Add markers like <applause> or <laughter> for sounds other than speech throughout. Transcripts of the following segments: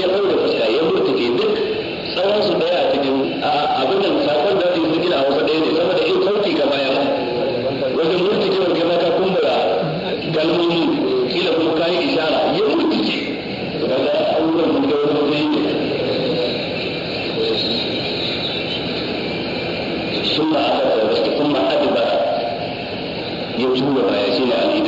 ya ɗaure fuska ya murtuke duk tsawon su daya a cikin abin da sakon da su yi a wasu ɗaya ne saboda in sauti ka baya ba wajen murtuke wa gaba ka kumbura kalmomi kila kuma kayi ishara ya murtuke daga abubuwan da ya wani ثم أدبر ثم أدبر يجوب ما يشيل عن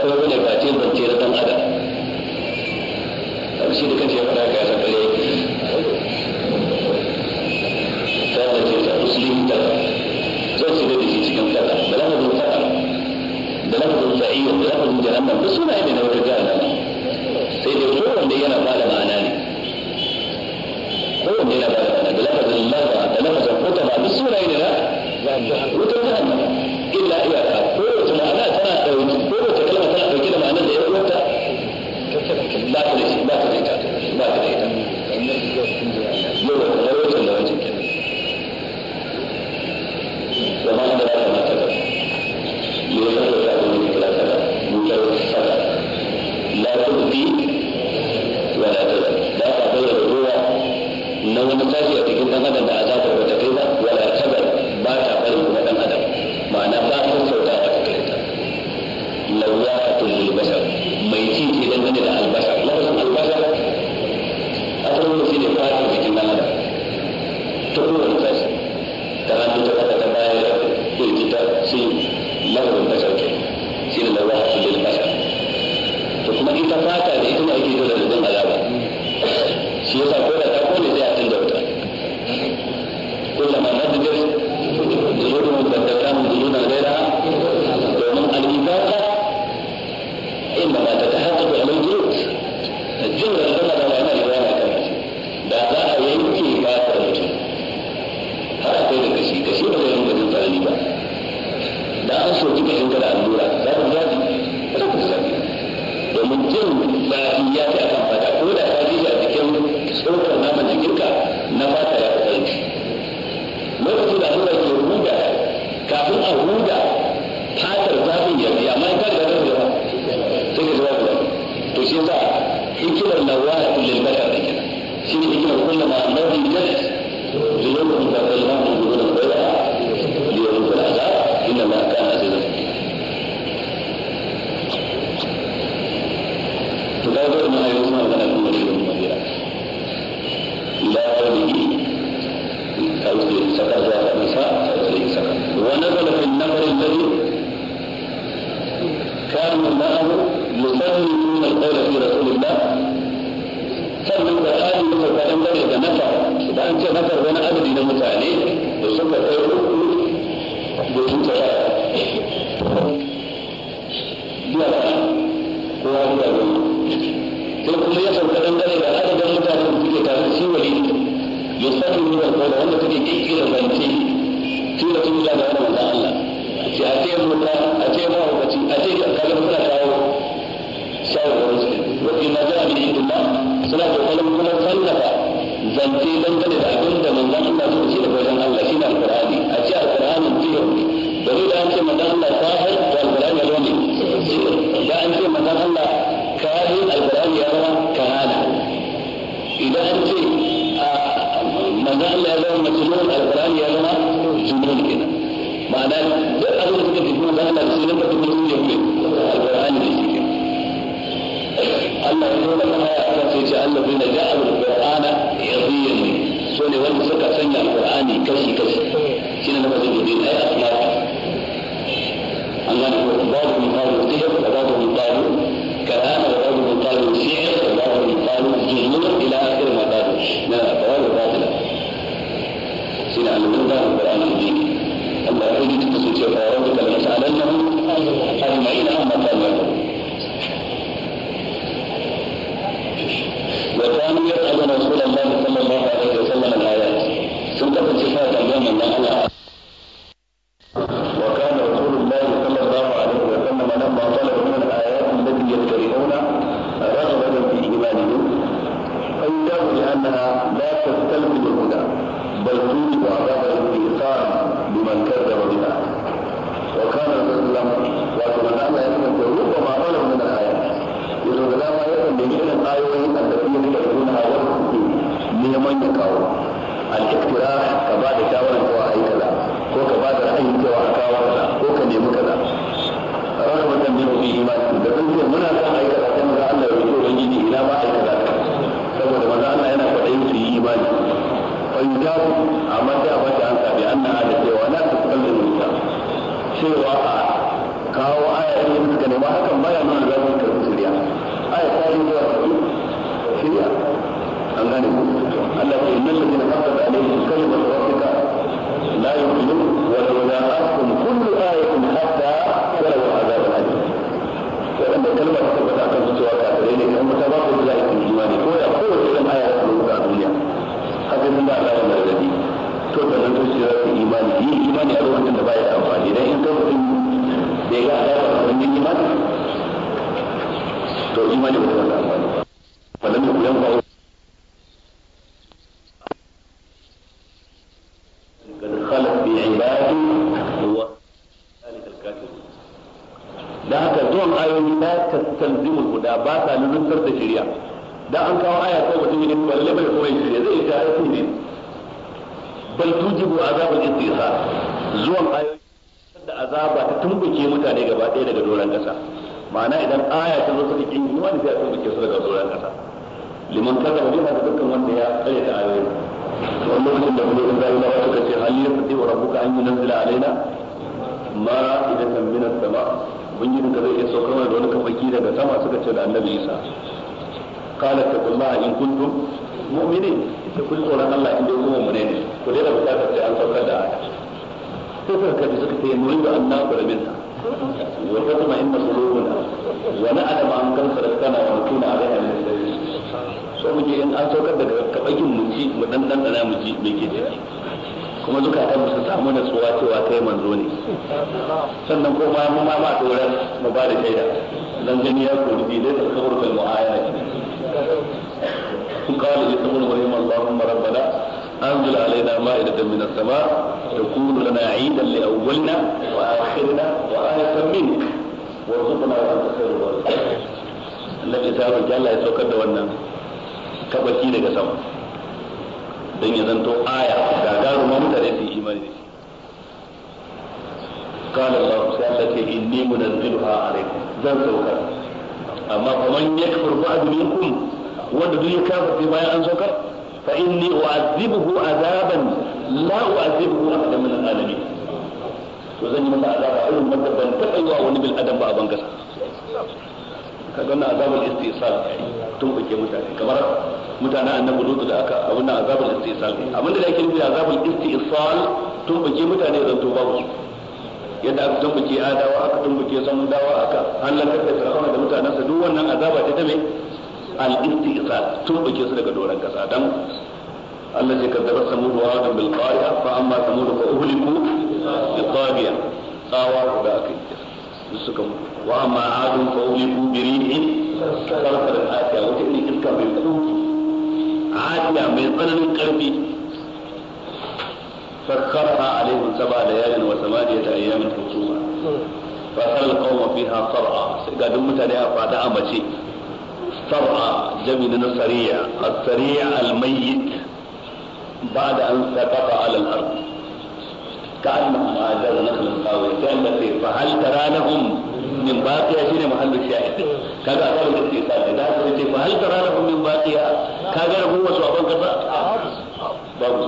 kuma bane ba bance na dan adam shi da kanci ya faɗa ga yasa bare ta zance ta musulmi ta zan shiga da shi cikin kada da lafa da fa'a da lafa lafazin sa'iyyar da lafa lafazin jahannam da suna yi ne na wata jihar sai da kowanne yana ba da da an soki ka shinka da allura za ku zafi za ku zafi domin jin zafi ya fi akan fata ko da ka a jikin tsokar naman jikinka na fata ya fi ƙarfi lokacin da allura ke huda kafin a huda fatar zafin ya biya amma ta da ba sai ka zuwa to shi za hikimar lawa lil bashar da kenan shi ne hikimar kullama annabi jalis zulubun da zulubun Amen. ma'ana duk abin da suka fi kuma Allah da shi ne kuma kuma ne kuma alqur'ani ne shi Allah ya nuna mana ya aka ce Allah bai da ja'al alqur'ana yadiyan so ne wanda suka sanya alqur'ani kashi kashi shine na bazin yadiyan ay asma an gane ko babu min qalu qiyam wa babu min qalu kalam wa babu min qalu shi'r wa babu min qalu jumla ila akhir ma qalu na babu babu shine al-mudawwar شفاعتك لنسألنهم أجمعين عما تعملون وكانوا يسألون رسول Allah ya nuna da haka da alaihi kalmar rabbika la yu'minu wa law ja'atkum kullu ayatin hatta walau azab alim wanda kalmar ta fada kan cewa kafirai ne kan mata ba ku da imani ko ya kowace irin aya ta rubuta a duniya haka sun da Allah ya gargadi to da nan sai za su imani yi imani a lokacin da baya amfani dan in kai mutum bai ga alama da wani imani to imani ba ta amfani wannan ne kullum ba shari'a ba sa luluntar da shari'a dan an kawo aya ko mutum yin balle bai kuma yin shari'a zai yi ta ayatu ne bal tujibu azabul istihsa zuwan ayoyi da azaba ta tumbuke mutane gaba ɗaya daga doron kasa ma'ana idan aya ta zo suka kin yi wani sai a tumbuke su daga doron kasa liman kaza ba ta dukkan wanda ya tsare da ayoyi to a lokacin da kuma ibrahim ba suka ce hal yafdi wa rabbuka an yunzila alaina idan ma'idatan minas sama. ubangijin ka zai iya saukar mana da wani kafaki daga sama suka ce da annabi isa qala a in kuntum mu'minin ita kun tsoron Allah in dai kuma munene, ku dai da bukatar sai an saukar da aya sai suka kaji suka ce annabi da rabin minha wa tatma inna qulubuna wa adama an kan sadaqana wa a rai min dalil so muke in an saukar daga kafakin mu ci mu dan dan da mu ci me ke ciki kuma ba sa samu natsuwa cewa kai manzo ne sannan kuma mu ma ma doran mu ba da shaida dan gani ya kori bi da tasawurul mu'ayana قال لابن مريم اللهم ربنا انزل علينا مائدة من السماء تكون لنا عيدا لاولنا واخرنا وآية منك وارزقنا وانت خير الرازقين. النبي تعالى saukar يتوكل wannan kabaki daga sama. don ya zanto aya ga garuman mutane su yi imani da shi kala Allah sai Allah ce inni munazziluha alaikum zan saukar amma kuma in yakfur ba'du minkum wanda duk ya kafirce bayan an saukar fa inni u'azzibuhu azaban la u'azzibuhu ahadan min al-alamin to zan yi masa azaba irin wanda ban taba yi wa wani bil adam ba a bangasa ka ga wannan azabar istisal yayi tun bake mutane kamar mutanen annabi lutu da aka a wannan azabul istisal abin da yake nufi azabul istisal tun bake mutane zan to babu yadda aka tumbuke adawa aka tumbuke dawa aka halakar da fir'auna da mutanensa duk wannan azaba ta me al istisal tumbuke su daga doran kasa dan Allah ya kaddara samud wa adam bil qari'a fa amma samud fa uhliku bi tabiya tsawa da aka yi suka mutu wa amma adun fa uliku bi rihin من atiya wata irin iska سخرها عليهم سبع ليال وثمانية أيام حسوما فصل القوم فيها صرعى قالوا متى بعد مشي صرعى جميل السريع السريع الميت بعد أن سقط على الأرض كأنهم آذار نخل قاوية كأن في فهل ترى لهم من باقية شنو محل الشاهد كذا أصاب الاستيقاظ إذا سألت فهل ترى لهم من باقية كذا هو سوى كذا بابو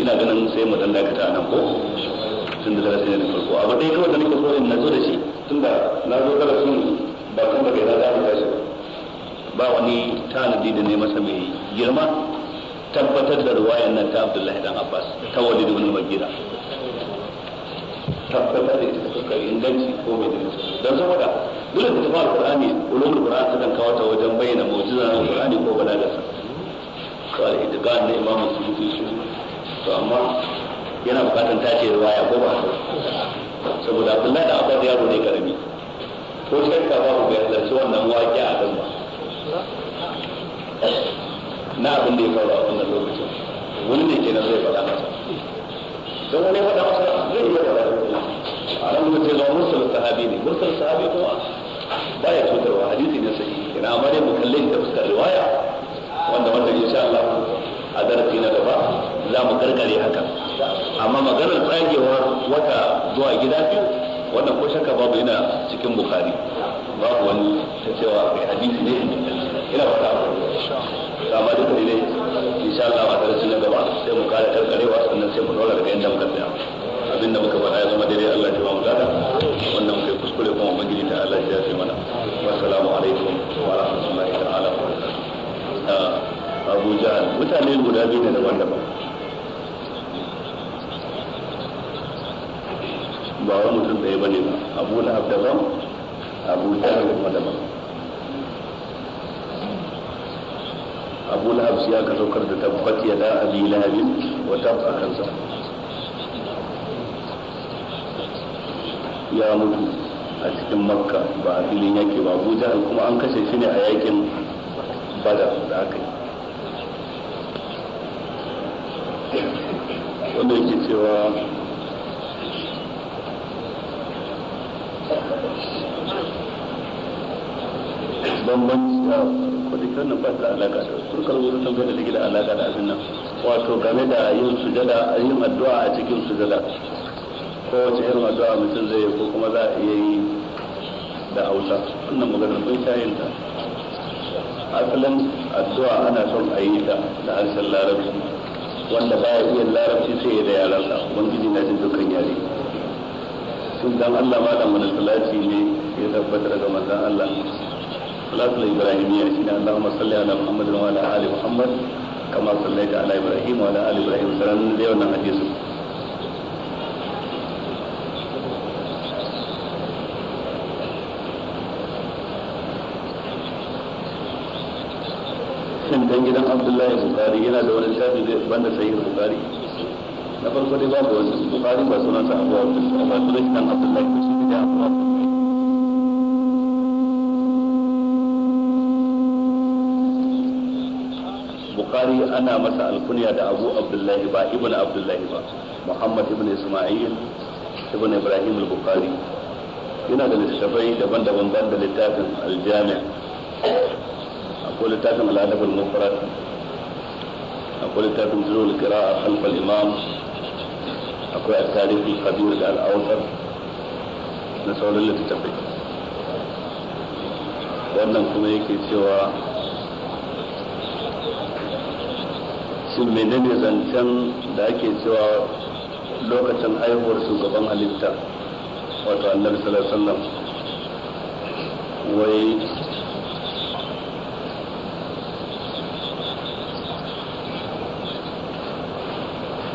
ina ganin sai mu dan dakata nan ko tun da darasi ne farko abu dai kawai da nake so in nazo da shi tun da na zo darasin ba kai da ba wani tanadi da ne masa mai girma tabbatar da ruwayan nan ta Abdullahi dan Abbas ta Walid ibn Mughira tabbatar da ita suka inganci ko bai inganci dan saboda dole ka tafi Qur'ani ulumul qur'an ta dan kawata ta wajen bayyana na Qur'ani ko balagarsa to al-idqan ne imamu suyuti su to amma yana bukatan tace ruwaya ko ba saboda Abdullahi dan Abbas yaro ne karami ko shakka babu bai halarci wannan waƙi a kan ba na abin da ya faru a wannan lokacin wani ne kenan zai faɗa masa don wani faɗa masa zai iya faɗa a nan mutum zama musul sahabi ne musul sahabi kuma baya cutarwa hadisi ne sahihi kenan amma dai mu da ta fuskar riwaya wanda wanda insha Allah a darasi na gaba za mu gargare haka amma maganar tsagewa wata zuwa gida biyu wannan ko shakka babu yana cikin bukari babu wani ta cewa kai hadisi ne ina faɗa kama da duka ne insha Allah ba tare na gaba sai mu kare karewa sannan sai mu dora daga yanda muka tsaya abinda muka faɗa ya zama daidai Allah ya ba mu gada wannan kai kuskure kuma gidi ta Allah ya ji mana assalamu alaikum wa rahmatullahi ta'ala wa barakatuh Abu Jahal mutane guda biyu ne daban-daban ba wani mutum ɗaya bane ba Abu Lahab daban Abu Jahal kuma daban abu lahab sai aka saukar da tabbat ya da abi lahabin wa tabba kansa ya mutu a cikin makka ba a filin yaki ba abu jahal kuma an kashe shi ne a yakin bada da aka yi wanda yake cewa bambanci zikirin nan ba su da alaka da sun karbo tambayar da take da alaka da abin nan wato game da yin sujada yin addu'a a cikin sujada ko wace irin addu'a mutum zai yi ko kuma za a iya yi da hausa wannan maganar sun shayin ta asalin addu'a ana son a yi ta da harshen larabci wanda ba ya iya larabci sai ya da yaransa ubangiji na jin dukkan yare tun dan Allah malam wani salati ne ya tabbatar ga manzon Allah الصلاة الإبراهيمية شنا اللهم صل على محمد وعلى آل محمد كما صليت على إبراهيم وعلى آل إبراهيم سلام دي وانا حديث shin dan gidan Abdullahi Bukhari yana da wani littafi da banda sahih Bukhari na farko dai babu wani Bukhari ba sunan sa Abu Abdullah ba sunan Abdullahi shi ne Abu Abdullah bukari ana masa alkunya da abu abdullahi ba ibn abdullahi ba muhammad ibn isma'il ibn ibrahim al-bukhari yana da littafai daban-daban ban da littafin aljami akwai littafin al'adab al-mufrad akwai littafin zulul qira'a khalf al-imam akwai at-tarikh al-kabir da al-awsat na sauran littafai wannan kuma yake cewa shin menene zancen da ake cewa lokacin haihuwar shugaban halitta wato annabi sallallahu alaihi wai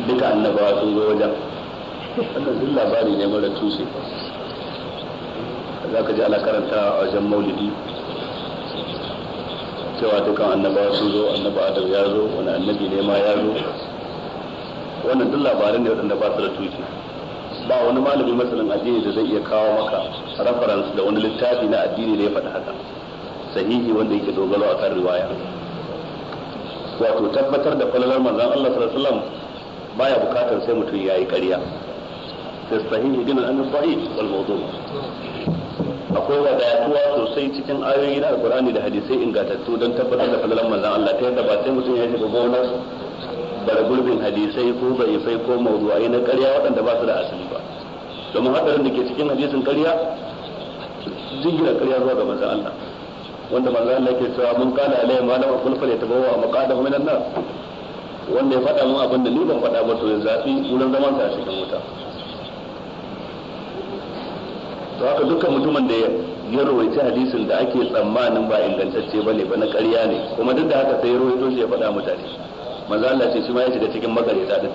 duka annabawa sun zo wajen wannan sun labari ne mara tushe za ka ji ana karanta a wajen maulidi cewa dukan annabawa sun zo annabi adam ya zo wani annabi ne ma ya zo wannan duk labarin ne waɗanda ba su da tuki ba wani malami masanin addini da zai iya kawo maka reference da wani littafi na addini da ya faɗi haka sahihi wanda yake dogaro akan riwaya wato tabbatar da falalar manzon Allah sallallahu alaihi wasallam baya bukatar sai mutum yayi ƙarya sai sahihi dinan an sahihi wal mawdu' akwai wadatuwa sosai cikin ayoyi na alkur'ani da hadisai ingantattu don tabbatar da falalan manzan Allah ta yadda ba sai mutum ya shiga gona bara gurbin hadisai ko baifai ko mawdu'ai na ƙarya waɗanda ba su da asali ba domin haɗarin da ke cikin hadisin ƙarya jingina ƙarya zuwa ga manzan Allah wanda manzan Allah ke cewa mun kana alai ma da kullu fa yatabawa maqadahu min nar wanda ya faɗa mun abin da ni ban faɗa ba to ya zafi wurin zaman sa cikin wuta to haka dukkan mutumin da ya rawaita hadisin da ake tsammanin ba ingantacce bane ba na ƙarya ne kuma duk da haka sai ya rawaito shi ya faɗa mutane manzo Allah ce shi ma ya shiga cikin makareta din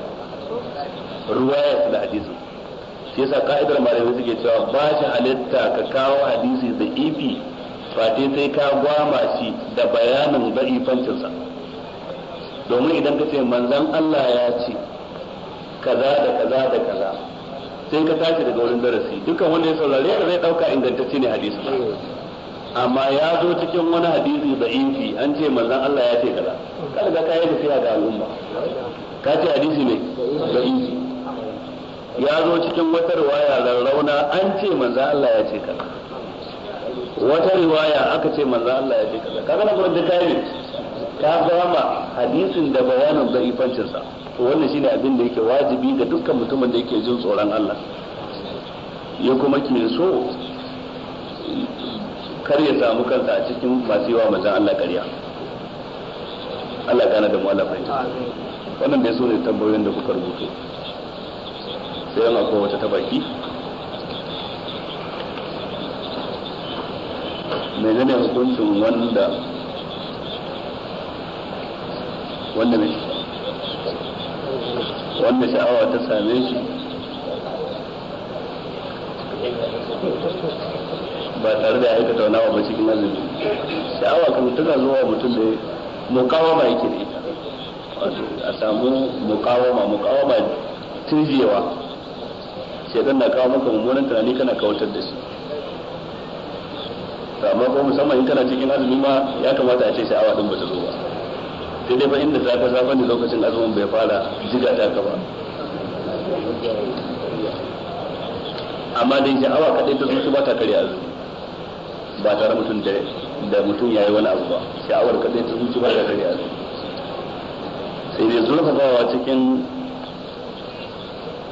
ruwaya da hadisi shi yasa ka'idar malamai suke cewa ba shi halitta ka kawo hadisi da ifi fate sai ka gwama shi da bayanin da'ifancinsa domin idan ka ce manzon Allah ya ce kaza da kaza da kaza sai ka tashi daga wurin darasi dukkan wanda ya saurare ka zai dauka ingantacce ne hadisi amma ya zo cikin wani hadisi da infi an ce manzon Allah ya ce kaza ka daga ka yi tafiya ga al'umma ka ce hadisi ne da infi ya zo cikin wata riwaya rauna an ce manzon Allah ya ce kaza wata riwaya aka ce manzon Allah ya ce kaza kaga na gurin da kai Ka zama hadisin da bayanin zaifancinsa to wannan shine abin da yake wajibi ga dukkan mutumin da yake jin tsoron Allah ya kuma ke so kar ya samu kansa a cikin masu yawa manzan Allah ƙarya Allah gane da mu fahimta wannan dai so ne tambayoyin da kuka rubuto sai yana akwai wata tabaki ne hukuncin wanda wanda mai wanda sha'awa ta same shi ba tare da aikata wani ba cikin azumi sha'awa kan tana zuwa mutum da ba yake da ita a samu ma mukawa ba tunjewa shekan na kawo maka mummunan tunani kana kawatar da shi amma ko musamman in kana cikin azumi ma ya kamata a ce sha'awa din ba ta zo ba sai ba fa inda safe safe ne lokacin azumin bai fara jiga ta ka ba amma dai sha'awa kadai ta zuci ba ta kare azumi ba tare mutum da da mutum yayi wani abu ba sha'awar kadai ta zuci ba ta kare azumi sai dai zurfafawa cikin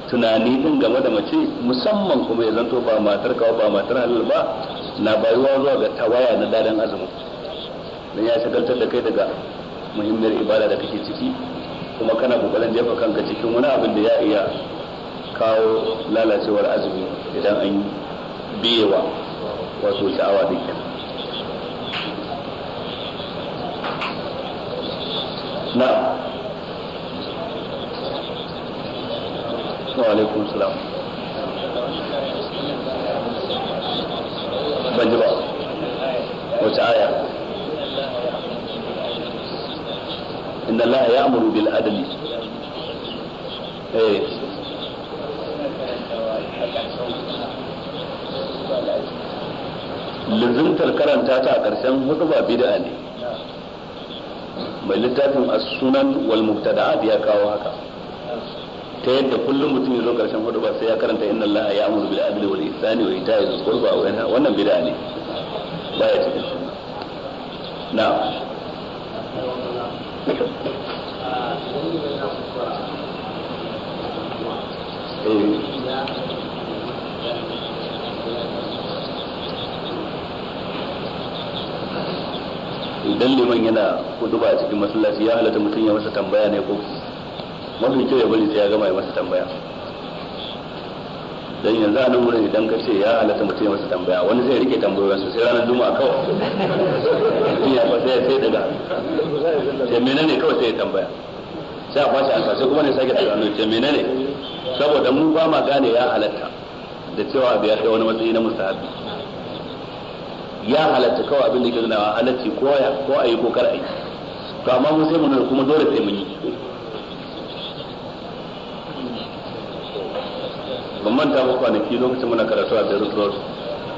tunani din game da mace musamman kuma ya zanto ba matar kawo ba matar halal ba na bayuwa zuwa ga tawaya na dadan azumi dan ya shagaltar da kai daga muhimmiyar ibada da kake ciki kuma kana kokarin jefa kanka cikin wani abin da ya iya kawo lalacewar azumi idan an biyewa wato sha'awa din na alaikum salam ban ji ba wace aya inna Allah ya'muru bil adli eh karanta ta a ƙarshen hudu ba bid'a ne mai littafin as-sunan wal mubtada'at ya kawo haka ta yadda kullum mutum ya zo ƙarshen hudu ba sai ya karanta inna Allah ya amuru bil adli wal ihsani wa ita'i dhil qurba wa yanha wannan bid'a ne ba ya cikin sunna na'am idan liman yana hudu ba a cikin masallaci ya halatta mutum ya masa tambaya ne ko mafi kyau ya bari sai ya gama ya masa tambaya dan yanzu a nan wurin idan ka ce ya halatta mutum ya masa tambaya wani zai rike tambayoyin su sai ranar juma'a kawai mutum ya sai daga ne kawai sai ya tambaya sai a kwace ansa sai kuma ne sake daga hannu ce ne saboda mu ba ma gane ya halatta da cewa bai kai wani matsayi na ya halatta kawai abin da ke nuna halatti ko ya ko ayi ko kar yi. to amma mu sai mu kuma dole sai mun yi ban manta ba kwanaki lokacin muna karatu a Beirut Road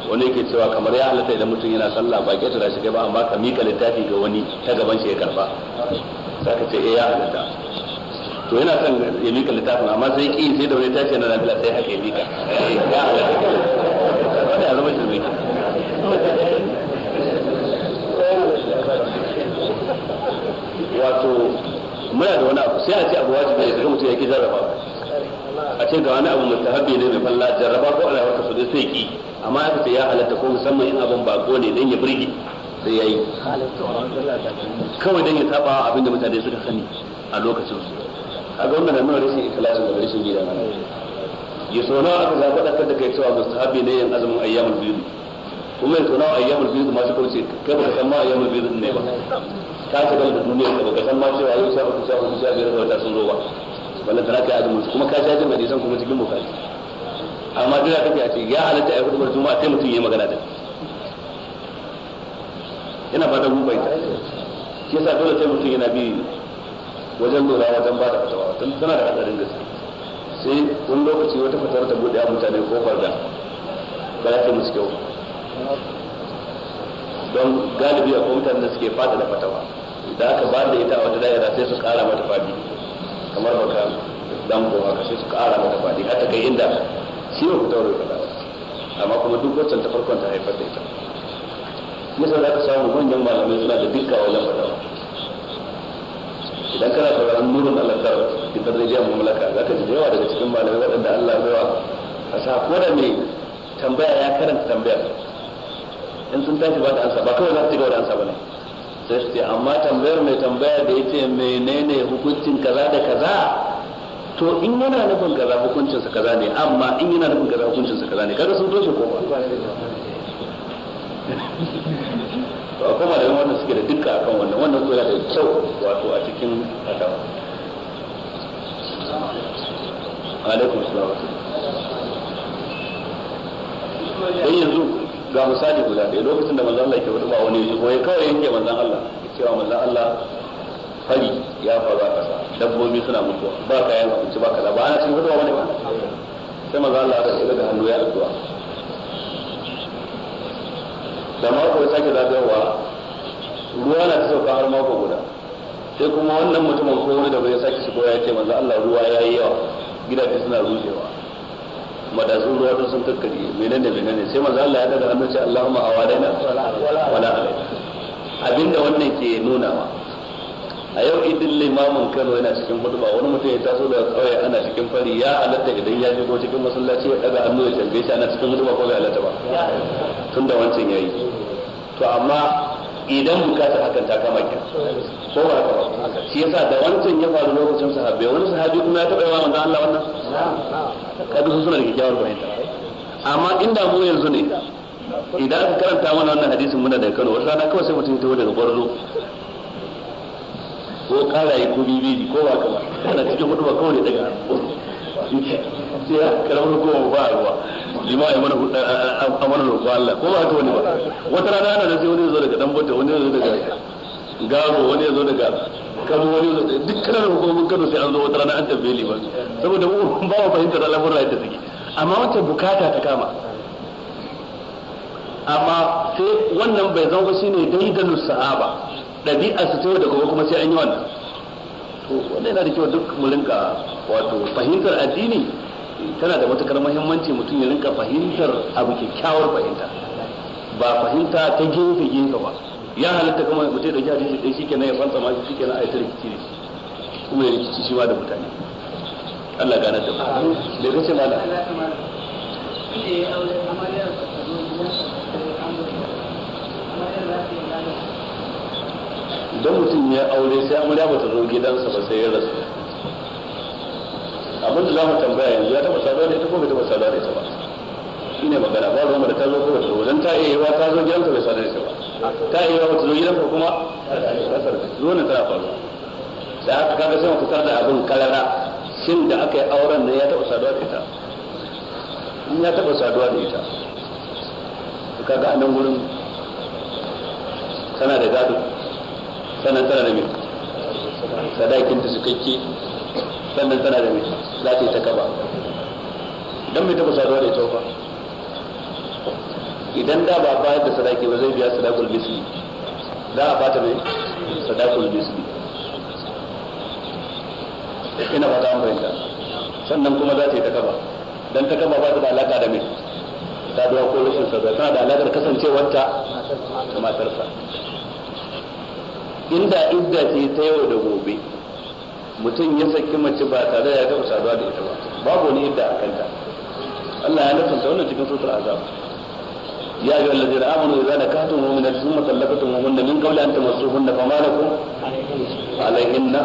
wani yake cewa kamar ya halatta idan mutum yana sallah ba ke tura shi kai ba amma ka mika littafi ga wani ta gaban shi ya karba za ka ce eh ya halatta to yana son ya mika littafin amma sai ki sai da wani tashi na lafiya sai haka ya mika ya halatta wani ya zama shi mai wato muna da wani abu sai a ce abu wajibi ya sai mutum ya ke zarrafa a ce ga wani abu mustahabbi ne mai falla jarraba ko ana wata su sai ki amma aka ce ya halatta ko musamman in abin bako ne dan ya burge sai yayi kawai dan ya saba abin da mutane suka sani a lokacin su ga wannan na nuna rashin ikhlasin da rashin gida na ya so nawa aka zaɓa ɗakar da kai cewa mustahabbi ne yan azumin ayyamul biyu kuma ya so ayyamul bayd ma su kauce kai ba ka san ma ayyamul biyu ne ba ka ce da duniya ka ba ka san ma cewa yau sha uku sha uku sha biyar da wata sun zo ba wala tana kai azumin kuma ka shajin hadisan kuma cikin bukari amma duk kake a ce ya halatta ayi hudubar juma'a sai mutum ya magana da yana fata mun bai shi yasa dole sai mutum yana bi wajen lura wajen ba da fatawa tun tana da hadarin gaske sai wani lokaci wata fatar ta bude mutane ko da ba ya ta musu kyau don galibi akwai mutane da suke fada da fatawa da aka ba da ita a wata daira sai su kara mata fadi kamar baka dan kowa ka sai suka ara maka fadi har ta kai inda shi ba ku daure ka dawo amma kuma duk wacce ta farkon ta haifar da ita misali aka samu manyan malamai suna da dukkan wannan fada idan kana ran nurin ka fitar da jiya mamlaka za ka ji yawa daga cikin malamai wadanda allah baiwa a sa ko da mai tambaya ya karanta tambayar in sun tashi ba da ansa ba kawai za su ga da ansa ba ne sai amma tambayar mai tambaya da yace menene hukuncin kaza da kaza to in yana nufin kaza hukuncinsa kaza ne amma in yana nufin kaza hukuncinsa kaza ne kaga sun toshe ko ba to akwai da wannan suke da dukkan akan wannan wannan kuma da kyau wato a cikin adawa alaikum salam dan yanzu ga misali guda ɗaya lokacin da manzan Allah ke faɗi ba wani ya shigo ya kawai yanke manzan Allah cewa manzan Allah fari ya faru a ƙasa dabbobi suna mutuwa ba ka kayan abinci ba ka ba ana cikin hudu wani ba sai manzan Allah ya da hannu ya addu'a da mako ya sake zagayowa ruwa na ta sauka har mako guda sai kuma wannan mutumin ko wani da bai sake shigo ya ce manzan Allah ruwa ya yi yawa gidaje suna rushewa madatsun ruwa duk sun kakkari menene menene sai manzo Allah ya daga hannu ce Allahumma awalaina wala alaina abinda wannan ke nuna wa a yau idin limamin Kano yana cikin hudba wani mutum ya taso daga kauye ana cikin fari ya alatta idan ya shigo cikin masallaci ya daga hannu ya tambaye shi ana cikin hudba ko bai alatta ba tunda wancan yayi to amma idan bukata hakan ta kama ki ko ba ka shi yasa da wancan ya faru lokacin sahabbai wani sahabi kuma ya taba yawa manzo Allah wannan kaga su suna da kyakkyawar fahimta amma inda mu yanzu ne idan aka karanta mana wannan hadisin muna da Kano wata rana kawai sai mutum ya tawo daga Gwarzo ko karaye ko bibi ko ba haka ba cikin hudu ba kawai daga sai karamar hukumar ba ruwa lima ya mana a mana roƙo Allah ko ba haka wani ba wata rana ana da sai wani zo daga dambata wani zo daga gano wani zo daga kano wani zo daga duk kanar hukumomin kano sai an zo wata rana an tambaye liman saboda mu <laughs> ba mu fahimtar al'amuran yadda suke amma wancan bukata ta kama amma sai wannan bai zama ba shine daidalu sahaba ɗabi'a su tayo da kuma sai an yi wannan to wannan yana da kyau duk mu rinka wato fahimtar addini tana da matukar muhimmanci mutum ya rinka fahimtar abu kyakkyawar fahimta ba fahimta ta gefe gefe ba ya halitta kuma mutum da jihar hadisi ɗin shi kenan ya fanta ma shi kenan a yi ta rikici da shi kuma ya rikici shi ma da mutane Allah gane da ba da ya kace mala don mutum ya aure sai amarya ba ta zo gidansa ba sai ya rasu abin da za mu tambaya yanzu ya taba saduwa da ita ko bai taba saduwa da ita ba shi ne magana ba ruwan da ta zo kuma ta wajen ta iya ta zo gidanka bai saduwa da ita ba ta iya wata zo gidan gidanka kuma zo ne tana faru da aka kaga sai mu fitar da abin kalara shin da aka yi auren ne ya taba saduwa da ita in ya taba saduwa da ita kaga a nan gurin tana da gado sannan tana da mai sadakin ta sukakke sannan tana da mai za ta yi ta kaba don mai taba saduwa da ita ba idan da ba bayar da sadaki ba zai biya sadakul misli za a bata mai sadakul misli ina fata an fahimta sannan kuma za ta yi ta kaba don ta kaba ba ta da alaka da mai saduwa ko rashin saduwa tana da alakar kasancewarta da matarsa inda idda ce ta yau da gobe mutum ya saki mace ba tare da ya gama saduwa da ita ba babu wani yadda a kanta Allah ya nufanta wannan cikin sutur azab ya ayyuhal ladzina amanu idza nakahtum mu'minatan thumma talaqtumuhunna min qawli an tamassuhunna fama lakum alayhinna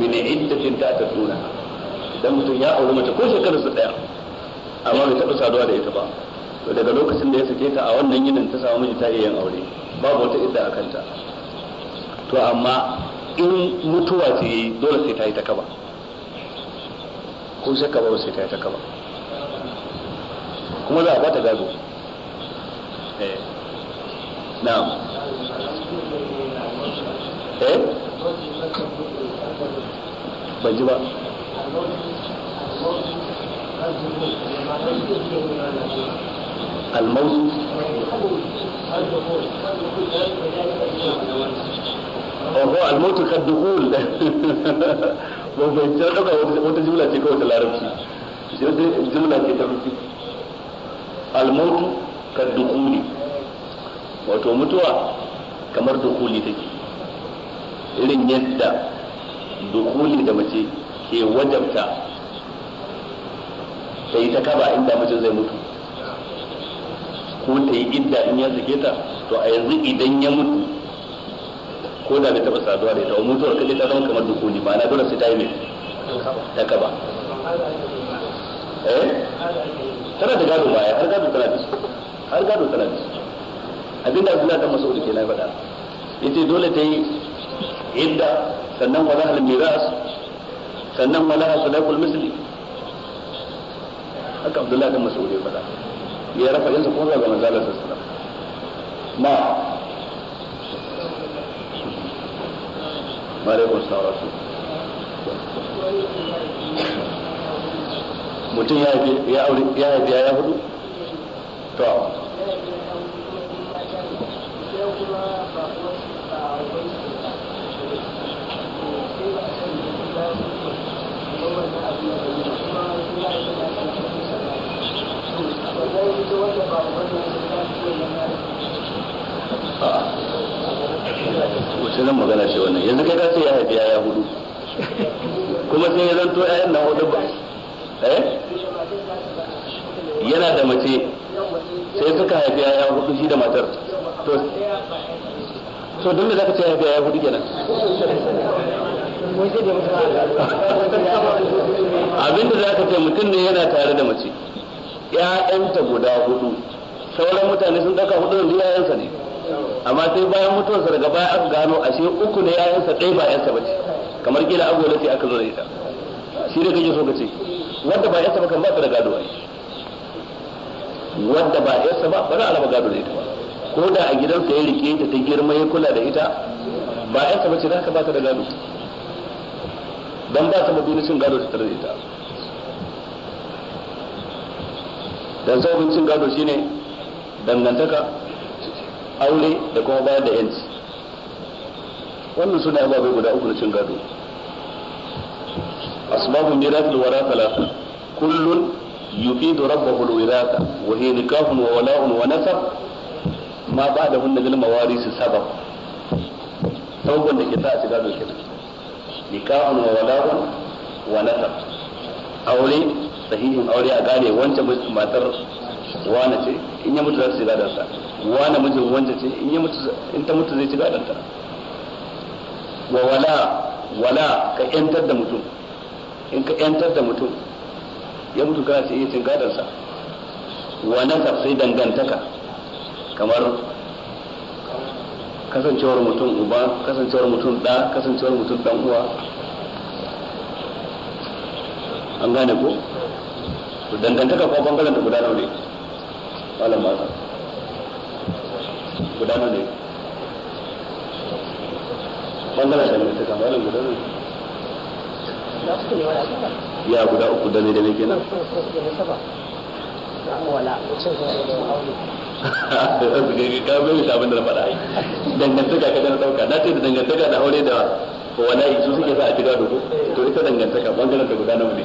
min iddatin tatuna dan mutum ya aure mace ko shekarar su daya amma bai taɓa saduwa da ita ba to daga lokacin da ya sake ta a wannan yinin ta samu miji ta iya yin aure babu wata idda a kanta to amma in mutuwa ce yi dole sai ta yi ta kaba ko shakka ba sai ta yi ta kaba kuma za a bata gado eh. na eh ban ji ba ko al-mautu kadduhul <laughs> bai wata jumla ce ta larabci wato mutuwa kamar dukuli take irin yadda dukuli da mace ke wajabta ta yi ta kaba inda mace zai mutu ko ta yi idda in ya ta to a yanzu idan ya mutu ko da bai taba saduwa da ita mutuwar kaje ta zama kamar dukuni ba ma'ana dole sai ta yi ne ta kaba eh tana da gado baya har gado tana da su har gado tana da su abinda Abdullahi dan Mas'ud ke nan faɗa yace dole ta yi idda sannan wala hal miras sannan wala hal sadaqul misli haka Abdullahi dan Mas'ud ya faɗa ya rafa yansa kuma ga manzo Allah sallallahu alaihi wasallam ma alaikum sauransu mutum ya yi ya ya hudu to sai zan magana ce wannan yanzu kai ka ce ya haifi yaya hudu kuma sai ya zanto yayan nan hudu ba eh yana da mace sai suka haifi yaya hudu shi da matar to so don da zaka ce haifi yaya hudu kenan abinda za ka ce mutum ne yana tare da mace ‘ya'yanta guda hudu sauran mutane sun ɗauka hudu yanzu ‘ya'yansa ne amma sai bayan mutuwarsa daga baya aka gano ashe uku ne yayansa ɗaya ba yansa bace kamar kila agola sai aka zo da ita shi ne kake so ka ce wanda ba yansa ba kan ba ta da gado ai wanda ba yansa ba ba alama gado da ita ko da a gidansa ya rike ta ta girma ya kula da ita ba yansa bace da haka ba ta da gado dan ba ta da cin gado ta tare da ita dan sabon cin gado shine dangantaka aure da kuma bayar da yanci wannan suna ababai guda uku na cin gado asbabun miratul wara talata kullun yufidu rabbahu alwirata wa hiya nikahun wa wala'un wa nasab ma da hunna lil su sabab sauban da ke ta a ci gado kenan nikahun wa wala'un wa nasab aure sahihin aure a gane wancan matar wane ce in ya mutu za su ci gadon wane mijin wancan ce in ya mutu in ta mutu zai ci gadon wa wala wala ka yantar da mutum in ka yantar da mutum ya mutu kana ce iya cin gadon wane wa sai dangantaka kamar kasancewar mutum uba kasancewar mutum da kasancewar mutum dan uwa an gane ko dangantaka ko bangaren da guda nawa ne malam ba gudana ne bangaren da gudana ne ya guda uku da ne da ne kenan su gani ka bai da na ai dangantaka ka na ce da dangantaka da aure da wala'i su suke sa a ci gado ko to ita dangantaka bangaren da ne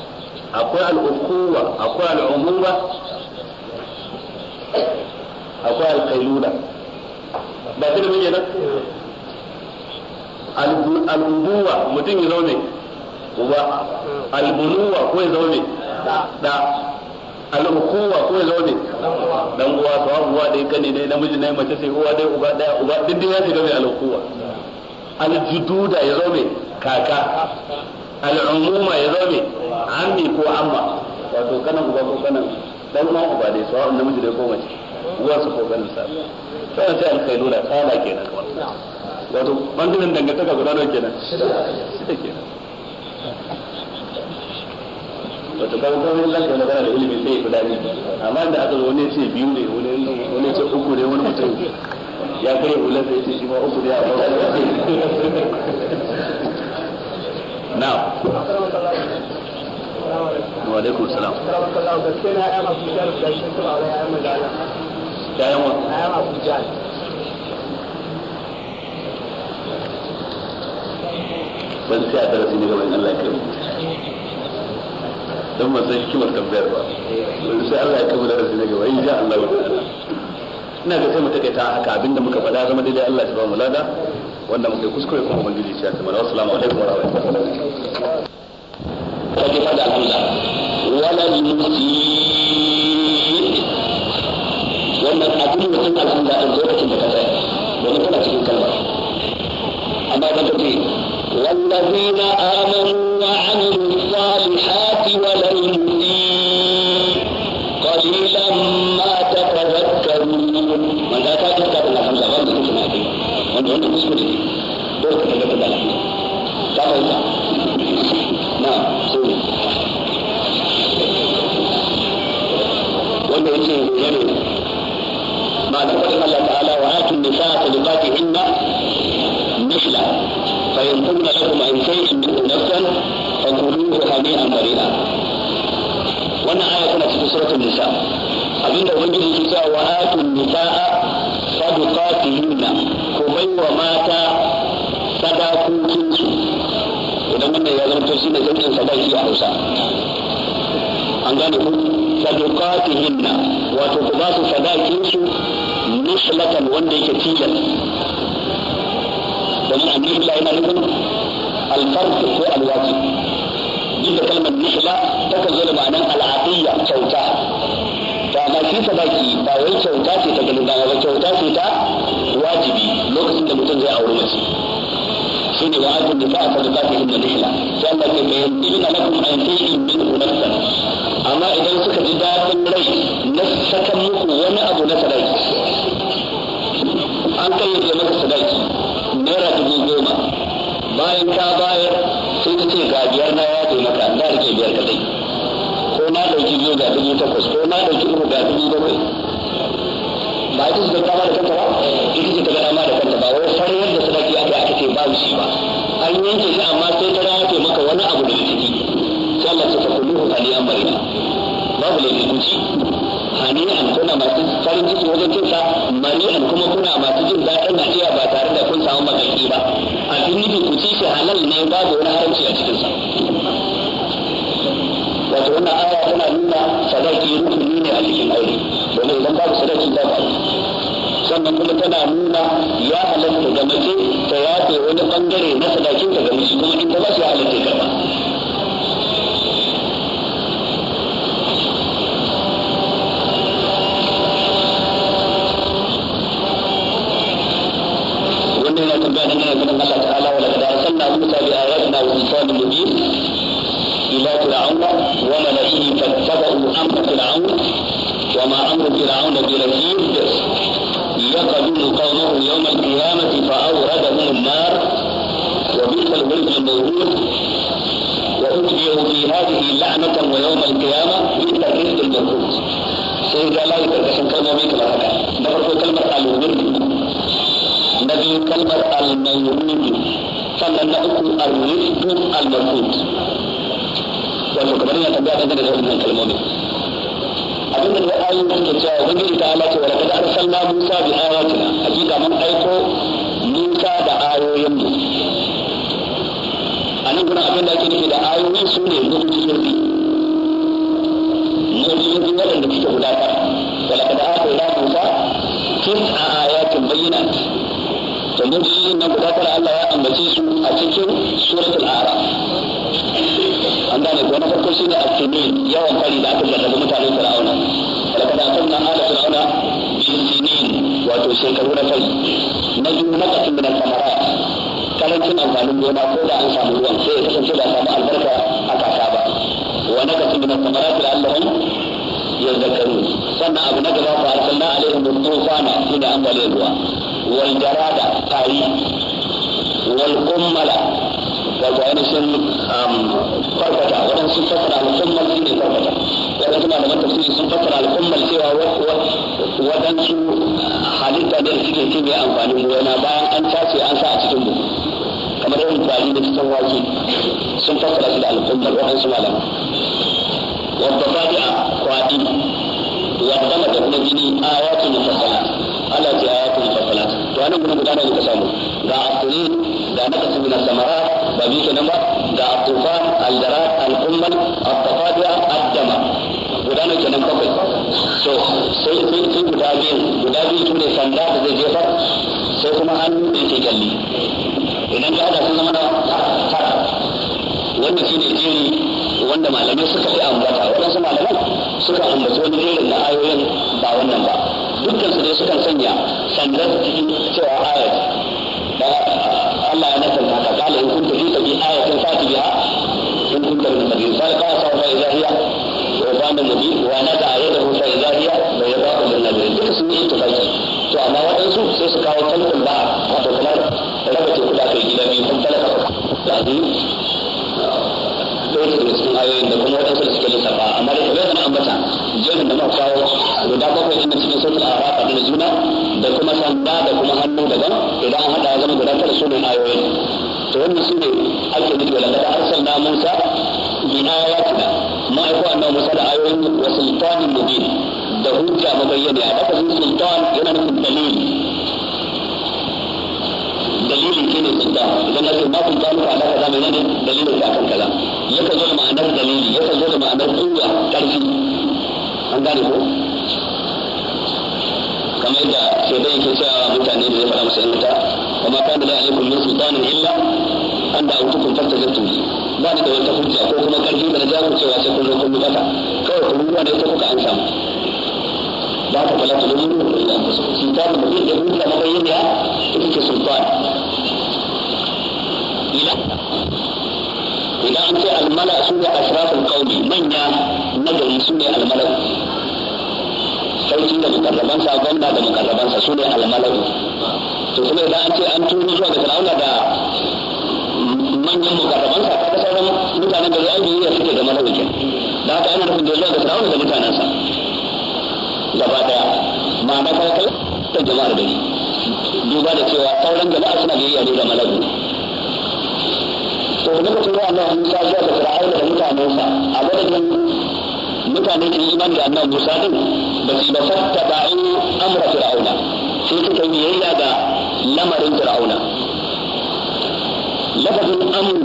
akwai al'ukuwa akwai al'umuwa akwai alkailula ba su da muke nan al'ubuwa mutum ya zaune uba albunuwa ko ya zaune da al'ukuwa ko ya zaune dan uwa sawabu uwa dai kane dai namiji ne mace sai uwa dai uba daya uba duk ya shiga mai al'ukuwa aljududa ya zaune kaka al'umuma ya zaune ammi ko amma wato kanan uba ko kanan dan ma uba dai sawa namiji dai ko mace uwa su ko kanin sa sai an ta alkailula kala kenan wato bangaren dangantaka guda nawa kenan shida kenan wato kan kawai lan ka magana da ilimi sai ku ne amma da aka zo wani ce biyu ne wani wani ce uku ne wani mutum ya kai hulan sai ce shi ma uku ne a wani na wa alaikum salam ya'yan wa ban sai a darasi ne gaban Allah kai dan ban san hikimar tambayar ba ban sai Allah ya kai darasi ne gaban insha Allah ta'ala ina ga sai mu ta haka abinda muka faɗa zama daidai Allah ya ba mu lada wanda muka kuskure kuma ubangiji ya ta mana assalamu alaikum wa rahmatullahi فقد الحمزة ولم يسيء wannan abin da sun alhamda ɗin lokacin da ka tsaya domin tana cikin kalmar amma ba ta ce والذين آمنوا وعملوا الصالحات ولم يسيء قليلا ما يديه أوساع an gane ku sadaqatihinna wato ku ba su sadakin su mislatan wanda yake tilas domin annabi la yana nufin alfarq ko alwajib duk da kalmar misla ta kan zo da ma'anar al'adiyya kyauta ta ma shi sadaki ba wai kyauta ce ta ganin ba kyauta ce ta wajibi lokacin da mutum zai auri mace shine wa atun nisa sadaqati inda nihla sai Allah ke an amma idan suka ji daɗin rai na sakan muku wani abu na sadaki an kai da maka sadaki naira dubu goma bayan ka bayar sai ta ce ga biyar na ya maka na rike biyar ko na biyu ga dubu takwas ko na uku ba ita ce ta kama da kanta ba ita ce ta gana ma da kanta ba wai fare yadda sadaki aka aka ce babu shi ba an yanke shi amma sai ta rawa ce maka wani abu da ciki sai Allah ta fakuluhu ali an bari babu laifin kuci an kuna masu farin ciki wajen cin sa an kuma kuna masu jin daɗin na iya ba tare da kun samu magalki ba a fili ku ci shi halal ne babu wani haramci a cikinsa. wato wannan aya tana nuna sadaki rukuni ne a cikin aure a idan babu sadaki ba ba sannan kuma tana nuna ya halatta ga mace ta yafe wani bangare na sadakinta ga miji kuma in ta ba shi halatta karba الله تعالى ولقد أرسلنا موسى بآياتنا وسلطان مبين إلى فرعون وملئه قد بدأوا أمر فرعون وما أمر فرعون برشيد يقبل قومه يوم القيامة فأوردهم النار وبئس الورد الموجود وأتبعوا في هذه لعنة ويوم القيامة بئس الرزق الموجود سيدنا لا يتكشن كلمة بكرة نفرق كلمة الورد نبي كلمة الموجود sannan na uku al wato kamar yana tambaya kan da wannan kalmomi abinda da ayoyin suke cewa ubangiji da ala ce wa laqad arsalna musa bi ayatina hakika mun aiko musa da ayoyin mu anan kuma abin da ake nufi da ayoyin su ne mu'jizozi mu'jizozi waɗanda suke guda tara wa laqad atayna musa tis'a ayatin bayyinat to mu'jizozin nan guda tara Allah ya ambace su a cikin suratul a'raf an gane ko na farko shine asini yawan fari da aka jarrabu mutanen fir'auna daga da kan nan ala fir'auna bisinin wato shekaru na fari na biyu na kasin da samara karancin amfanin gona ko da an samu ruwan sai ya kasance da samu albarka a kasa ba wa na kasin da samara da allahun ya zakaru sannan abu na gaba fa arsalna alaihim tufana shine ambaliyar ruwa wal jarada tari wal kummala wato ainihin um, farfata waɗansu fassara al'ummar su ne farfata waɗansu malaman tafsiri sun fassara al'ummar cewa waɗansu halitta da ke cinye amfanin gona bayan an tace an sa a cikin buhu kamar yawan kwari da cikin wake sun fassara su da al'ummar waɗansu malaman wadda fadi'a kwaɗi wadda mata kuma jini ayatu mufassalat Allah ce ayatu mufassalat to anan gudu guda ne muka samu ga asirin ga nakasu min as-samarat ba biyu kenan ba ga atufan aldarat al'ummal atafadiya addama guda ne kenan bakwai so sai sai guda biyu guda biyu su sanda da zai jefa sai kuma hannu da yake galli idan ka hada sun zama da tara wannan shine jeri wanda malamai suka fi ambata waɗansu malamai suka ambaci wani jerin na ayoyin ba wannan ba dukkan su dai sukan sanya sandar cikin cewa ayat da Allah ya nasanta قال إن كنت جئت بآية فأت بها إن كنت من النبي فألقاها فإذا هي عثمان النبي ونزع يده فإذا هي بيضاء للناظرين duka sun yi tufaki to amma waɗansu sai su kawo tantan ba wato kamar raba teku da aka yi gida biyu kun talaka da azumi ɗaya daga cikin ayoyin da kuma waɗansu da suka lissafa amma da kamar yana ambata jerin da muka kawo guda bakwai inda cikin sautin a rafa da juna da kuma sanda da kuma hannu daban idan an haɗa zama guda tara su ne ayoyin to wannan su ne ake nufi wala kada arsalna Musa bi ayatina ma aiko annabi Musa da ayoyin wa sultanin mubin da hujja mabayyana a daga sultan yana nufin dalili dalilin ke ne sultan idan na ake ma sultan ka da kaza mai ne dalilin ka akan kaza ka zo da ma'anar dalili ka zo da ma'anar kuwa karfi an gane ko kamar da sai dai yake cewa mutane da ya faɗa musu yanka kuma كان da عليكم من سلطان الا wanda a wutukun da zartu ba ni da wata hujja ko kuma karfi da na ja ku cewa sai kun zo kun bata kawai kun ruwa ne ko kuka an samu da haka fala ta lulu ila sultan da bin da hujja na bayyana ita ce sultan ila idan an ce almala su ne asrafin kauli manya na gari su ne almala sarki da mukarrabansa gwamna da mukarrabansa su ne almala to kuma idan an ce an tuni zuwa ga fir'auna da manyan mukarraban sa kaga sauran mutanen da zai an biyayya suke ga malawikin da haka ana nufin da zuwa ga fir'auna da mutanensa gaba daya ma'ana kaga ta jama'ar gari duba da cewa sauran jama'a suna biyayya ne da malawi to lokacin da Allah Musa zuwa ga fir'auna da sa a madadin mutane yi imani da annabi Musa din ba su ba fatta ba'in amra fir'auna sai suka yi biyayya ga lamarin fir'auna لفظ الأمر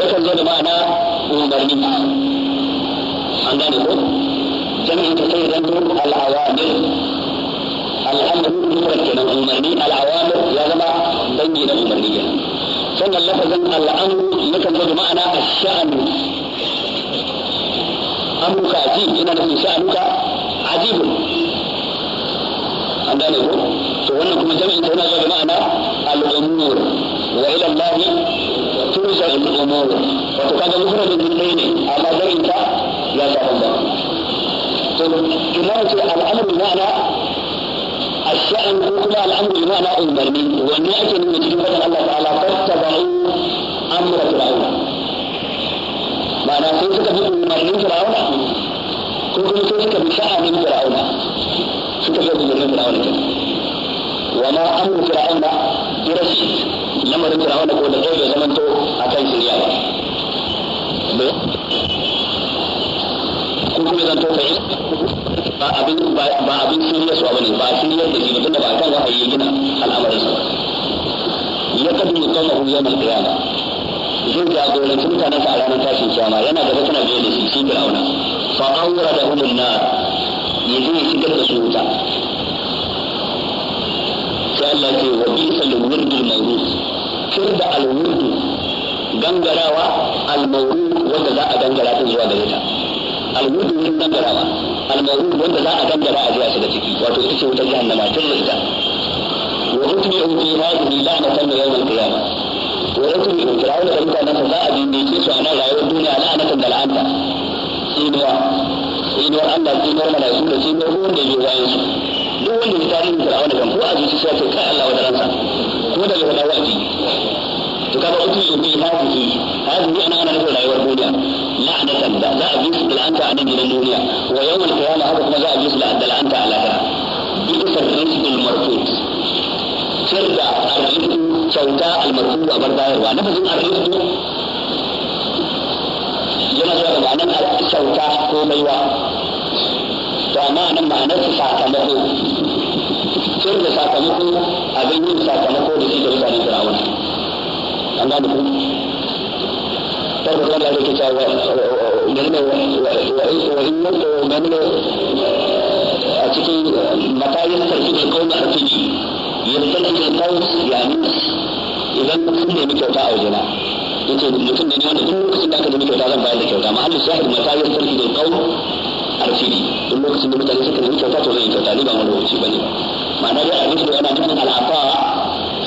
yakan zo da ma'ana umarni an gane ko jami'in ta sai zan tun al'awamir al'amru mufrad kenan umarni al'awamir ya zama dangi da umarni kenan sannan lafazin al'amru yakan zo da ma'ana ash-sha'nu amruka ajib ina nufin sha'anuka ajibun an gane ko to wannan kuma jami'in ta yana zo da ma'ana al'umur وإلى الله ترجع الأمور وتكاد مفرد بين على ذلك لا الله طيب، إمارة الأمر بمعنى الشأن وكما الأمر بمعنى أمرني من ونأتي من تجربة الله تعالى فاتبعوا أمر فرعون معنى سيسك بأمرني فرعون كنت سيسك بشأن فرعون سيسك بأمرني فرعون وما أمر فرعون برشيد lamarin firawa da kowane zai zama to a kan shirya ba ko kuma zan to ka yi ba abin ba abin shirya su abin ba shirya da shi tunda ba kan yi gina al'amarin sa ya kadu mutamahu yawmal qiyamah zai ta mutanen a ranar tashin kiyama yana gaba tana biye da shi shi fir'auna fa awra da hulun nar ya je ya shigar da su wuta sai Allah ce wa bisa al-wurdu al-mawrud kir da al-wurdu gangarawa al-mawrud wanda za a gangara ta zuwa gare ta al-wurdu wurin gangarawa al-mawrud wanda za a gangara a zuwa shiga ciki wato ita ce wutar jahannama tun da ita wa utbi'u fi hadhihi la'natan yawm al-qiyamah wa utbi'u fir'auna da mutanen sa za a dindike su a nan rayuwar duniya la'natan da la'anta tsinuwa tsinuwar Allah tsinuwar mala'iku da tsinuwar ruwan da ya bayan su duk wanda ya tarihin fir'auna kan ko a zuci sai to kai Allah wadaran sa ko da wada wa'adi to kaga uti uti hadihi hadihi ana ana nufin rayuwar duniya la'anatan da za a bi su la'anta a nan gidan duniya wa yawmal qiyamah haka kuma za a bi su la'anta a lahira bi sarrifil marfut sirda arziku kyauta almarfu a bar bayarwa nafazin arziku yana zuwa da ma'anar kyauta ko baiwa to amma nan ma'anar su sakamako fitar da sakamako abin yin sakamako da shi da mutane a an gane ku farko da yake cewa wa in yanka wa a cikin matayin sarki da kawai harfiji yastarki da kawai yamin idan sun nemi kyauta a wajena yace mutum ne wanda duk lokacin da aka nemi kyauta zan bayar da kyauta ma'ana shahid matayin sarki da kawai harfiji duk lokacin da mutane suka nemi kyauta to zai kyauta ni ba wani lokaci bane ba ma'ana dai al-rushd yana nufin al-afa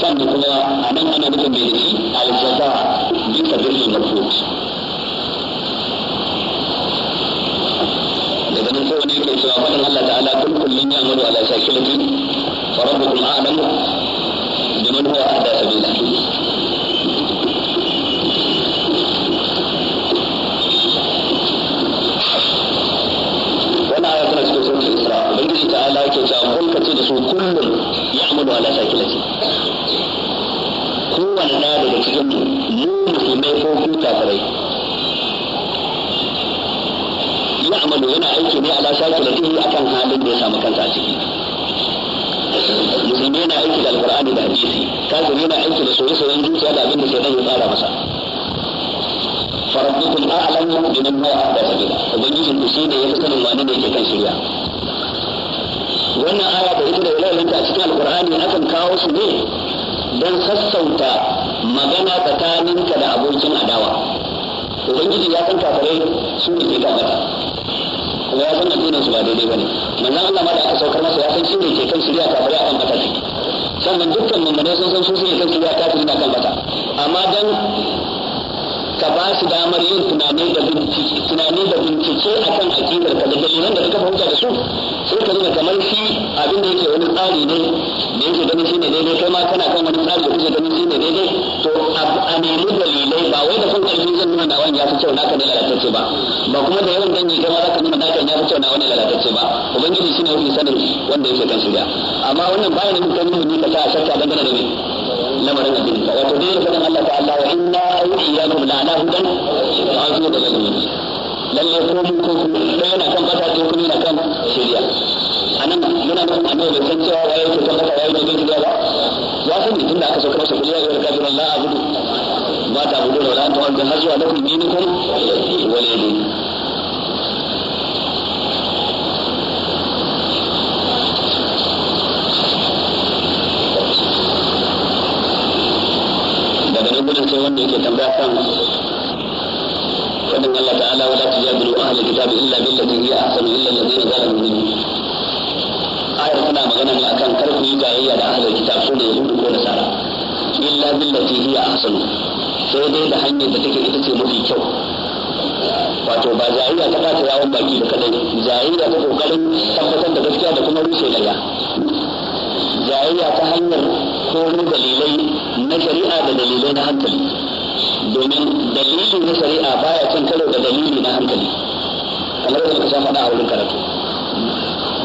sannan kuma a nan ana nufin mai da shi al-jaza bi sabilil mafrud daga nan sai wani yake cewa wannan Allah ta'ala kun kullun ya amuru ala shakilati fa rabbukum a'lamu biman huwa ahda sabila ala sakilati kowane ɗaya daga cikin mu musulmai ko ku kafirai ya amalu yana aiki ne ala sakilati akan halin da ya samu kansa a ciki musulmi yana aiki da alkur'ani da hadisi kafiri yana aiki da soyayyen zuciya da abin da sai ya tsara masa farabbukum a'lamu biman huwa ahda sabila ubangijin ku da ya sanin wani ne ke kan shirya wannan aya da ita ibnu ilayhi a cikin na akan kawo su ne don sassauta magana tsakaninka da abokin adawa ubangiji ya san kafirai su ne ke kan kuma ya san addinin su ba daidai bane manzon Allah ma da aka saukar masa ya san shi ne ke kan shirya kafirai akan bata sannan dukkan mummune sun san su ne kan shirya kafirai akan bata amma dan ka ba su damar yin tunani da bincike tunani da bincike akan aqidar ka da dalilan da suka fahimta da su sai ka nuna kamar shi abin da yake wani tsari ne da yake ganin shine daidai kai ma kana kan wani tsari da kuke ganin shine daidai to a nemi dalilai ba wai da son karfi zan nuna na wani ya fi kyau naka ne lalatacce ba ba kuma da yawan dangi kai ma zaka nuna naka ya fi kyau na wani lalatacce ba ubangiji ne wani sanin wanda yake kan su da amma wannan bayanin kan nuna ne ka sa shakka dangane da me lamarin abin da wato dai faɗin Allah ta'ala wa inna awliyakum la nahudan wa azu da sunni lalle ko mun ko da yana kan bata ko kun yana kan shari'a anan muna da annabi da san cewa wai ko kan bata wai ko kan ba ya san ni tunda aka so kuma shi ya ka jira la abudu ma ta abudu da wala antum har zuwa lakum dinukum waliyadin gudun sai wanda yake tambaya kan fadin Allah ta'ala wala tujadilu ahli kitabu illa billati hiya ahsanu illa alladhina zalamu minhum ayar tana magana ne akan kar ku yi gayayya da ahli kitab su da yahudu ko nasara illa billati hiya ahsanu sai dai da hanyar da take ita ce mafi kyau wato ba jayayya ta bata yawon baki da kadai jayayya ta kokarin tabbatar da gaskiya da kuma rushe gaya jayayya ta hanyar korin dalilai na shari'a da dalilai na hankali domin dalili na shari'a baya cin karo da dalili na hankali kamar da muka faɗa a wurin karatu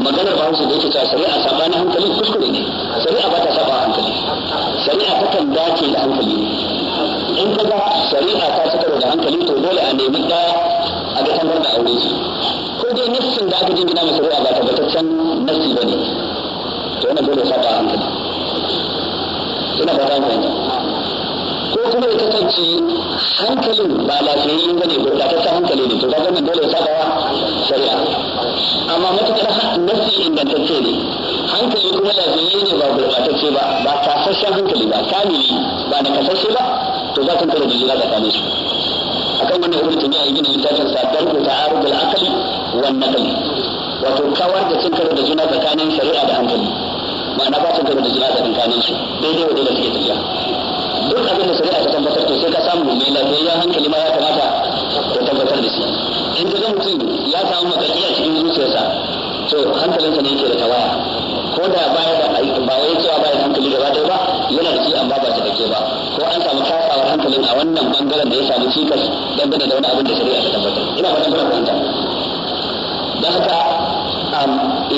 maganar ba su da yake cewa shari'a saba na hankali kuskure ne shari'a ba ta saba hankali shari'a ta kan dace da hankali ne in ka ga shari'a ta ci karo da hankali to dole a nemi ɗaya a ga tangar da aure shi ko dai nassin da aka jingina masa shari'a ba tabbataccen nassi ba ne to wannan dole saba hankali ina ba zan fahimta ko kuma ya ce hankalin ba lafiyayyen ba ne gurɓataccen hankali ne to ka gani dole ya saka wa shari'a amma matuƙar nasi ingantacce ne hankali kuma lafiyayye ne ba gurɓatacce ba ba kasashen hankali ba kamili ba na kasashe ba to za ka kare da jira tsakanin su akan wannan ibnu tabi'a ya gina littafin sa darbu ta'arud al-aqli wan naqli wato kawar da cin karo da juna tsakanin shari'a da hankali ma'ana ba su da da jira tsakankanin su daidai wa daidai suke tafiya duk abin da shari'a ta tabbatar to sai ka samu mai lafiya hankali ma ya kamata ta tabbatar da shi in ka ga mutum ya samu makaki a cikin zuciyarsa to hankalinsa ne yake da tawaya ko da baya da aiki ba wai cewa baya hankali gaba ɗaya ba yana da shi amma ba ta kake ba ko an samu kasawar hankalin a wannan bangaren da ya samu cikas dangane da wani abin da shari'a ta tabbatar ina fatan kuna fahimta don haka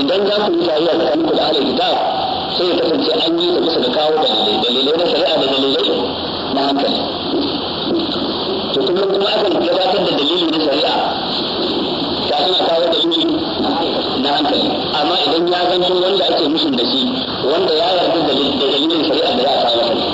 idan za ku yi tarayya tsakanin ku da ahlul kitab sai ya kasance an yi da bisa ga kawo dalilai dalilai na shari'a da dalilai na hankali to kuma kuma aka gabatar da dalili na shari'a kafin a kawo dalili na hankali amma idan ya zanto wanda ake musun da shi wanda ya yarda da dalilin shari'a da za a kawo shi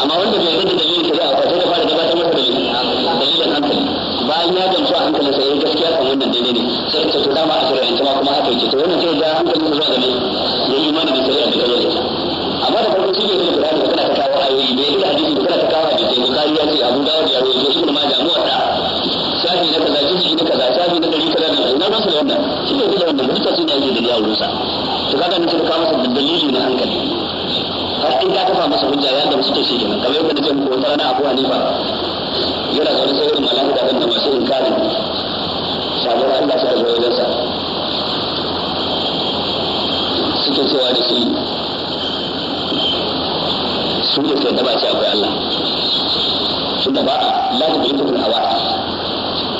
amma wanda bai yarda da dalilin shari'a ba sai da fara gabatar masa dalilin dalilin hankali bayan ya gamsu a hankali sai ya gaskiya kan wannan daidai ne sai ta ce ma a shari'a kuma haka yake to wannan sai ga hankalin zuwa ga mai imani da shari'a da kawo da ita amma da farko shi ne da Qur'ani kana ta kawo ayoyi da yadda hadisi da kana ta kawo da sai ya ce Abu Dawud ya rawaito Ibn mu muwatta shafi na kaza jiji na kaza shafi na dari kaza na ina masa wannan shi ne da wannan duka suna yi da yawon sa to kaga mun ka masa dalili na hankali har in ka kafa masa hujja yanda wasu ke shi kenan kamar yadda nake muku wata rana Abu Hanifa yana zaune sai irin malaka da masu inkarin sabon Allah suka wajen sa suke cewa da shi su da suka daba ce akwai Allah su da ba'a la ta bi kudin hawa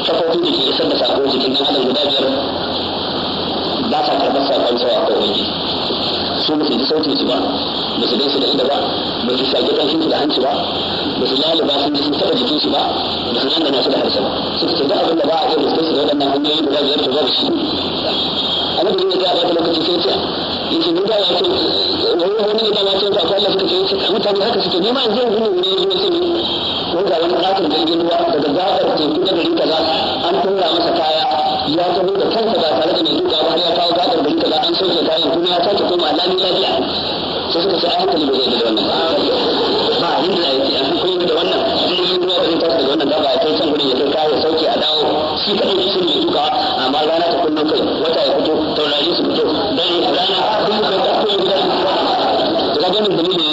kafofin da ke isar da sako jikin ɗan adam guda biyar ba sa karɓar sakon cewa ko wani su ba su ji sautin ba ba su su da inda ba ba su shaƙi ƙanshin su da hanci ba ba su ba sun ji sun taɓa jikinsu ba ba su nan da nasu da harshe ba suka ce duk abin da ba a iya fuskar su da waɗannan hanyoyi guda biyar to ba shi a lokacin da ya ba ta lokaci sai ce yace ya ce wani wani da ya ka Allah suka ce mutane haka suke ni ma yanzu ne ne zo sai ko ga wani katin da yake ruwa daga gabar teku da gari kaza an tura masa kaya ya taho da kansa ba tare da mai duka ba har ya kawo gabar gari kaza an sauke kayan kuma ya sake koma lami lafiya sai suka ce a hankali ba zai da wannan ba ba da ya an kuma da wannan kawai in tashi daga wannan gaba ya kai can gurin ya kai ya sauke a dawo shi kadai shi ne duka amma rana ta kullum kai wata ya fito taurari su fito dan rana kullum kai ta kullum kai ganin da ne